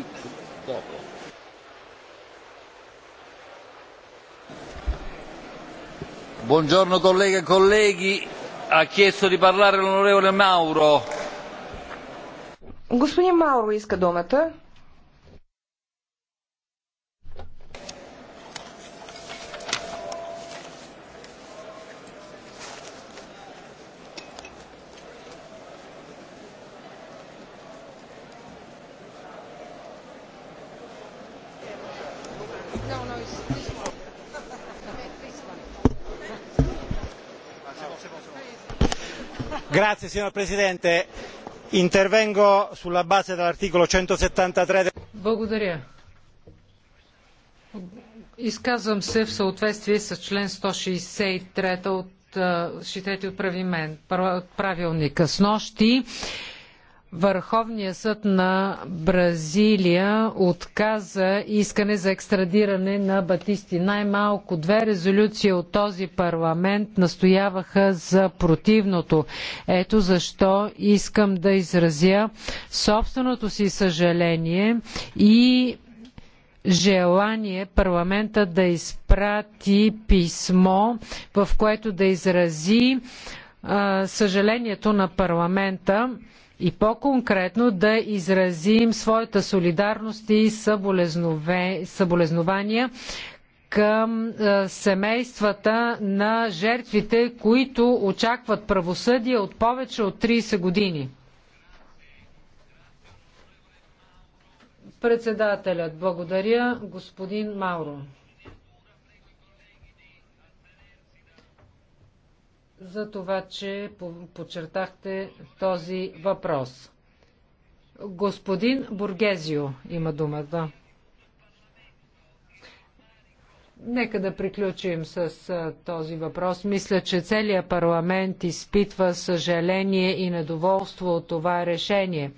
dopo. Buongiorno colleghe e colleghi, ha chiesto di parlare l'onorevole Mauro. Господин Мауро иска думата. signor presidente intervengo sulla base dell'articolo centosettantatré. Del... изказвам се в съответствие с член 163 от, от правилника. снощи Върховният съд на Бразилия отказа искане за екстрадиране на Батисти. Най-малко две резолюции от този парламент настояваха за противното. Ето защо искам да изразя собственото си съжаление и желание парламента да изпрати писмо, в което да изрази съжалението на парламента и по-конкретно да изразим своята солидарност и съболезнования към семействата на жертвите, които очакват правосъдие от повече от 30 години. Председателят, благодаря господин Мауро. за това, че подчертахте този въпрос. Господин Бургезио има думата. Нека да приключим с този въпрос. Мисля, че целият парламент изпитва съжаление и недоволство от това решение.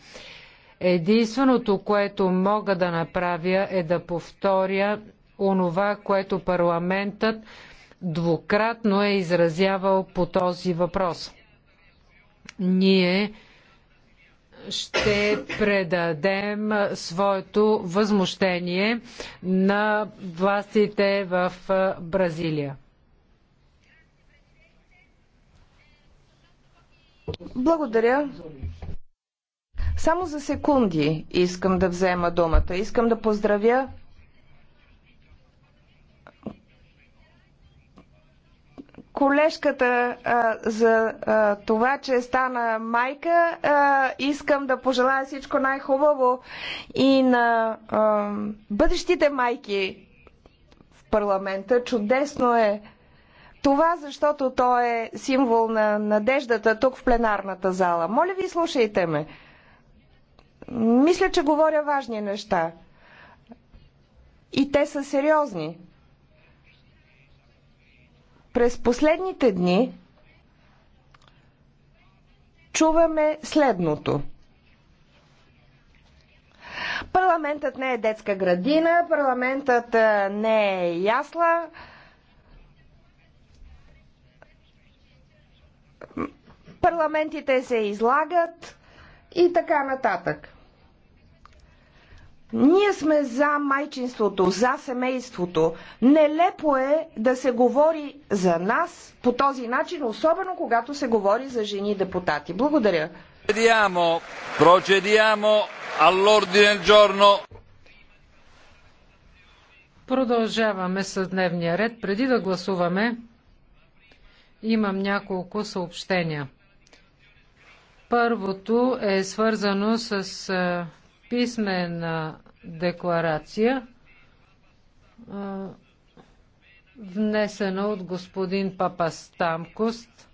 Единственото, което мога да направя е да повторя онова, което парламентът двукратно е изразявал по този въпрос. Ние ще предадем своето възмущение на властите в Бразилия. Благодаря. Само за секунди искам да взема думата. Искам да поздравя колежката а, за а, това, че стана майка. А, искам да пожелая всичко най-хубаво и на а, бъдещите майки в парламента. Чудесно е това, защото то е символ на надеждата тук в пленарната зала. Моля ви, слушайте ме. Мисля, че говоря важни неща. И те са сериозни. През последните дни чуваме следното. Парламентът не е детска градина, парламентът не е ясла. Парламентите се излагат и така нататък. Ние сме за майчинството, за семейството. Нелепо е да се говори за нас по този начин, особено когато се говори за жени депутати. Благодаря. Procediamo, procediamo all'ordine del giorno. Продължаваме с дневния ред. Преди да гласуваме, имам няколко съобщения. Първото е свързано с писмена декларация, внесена от господин Папастамкост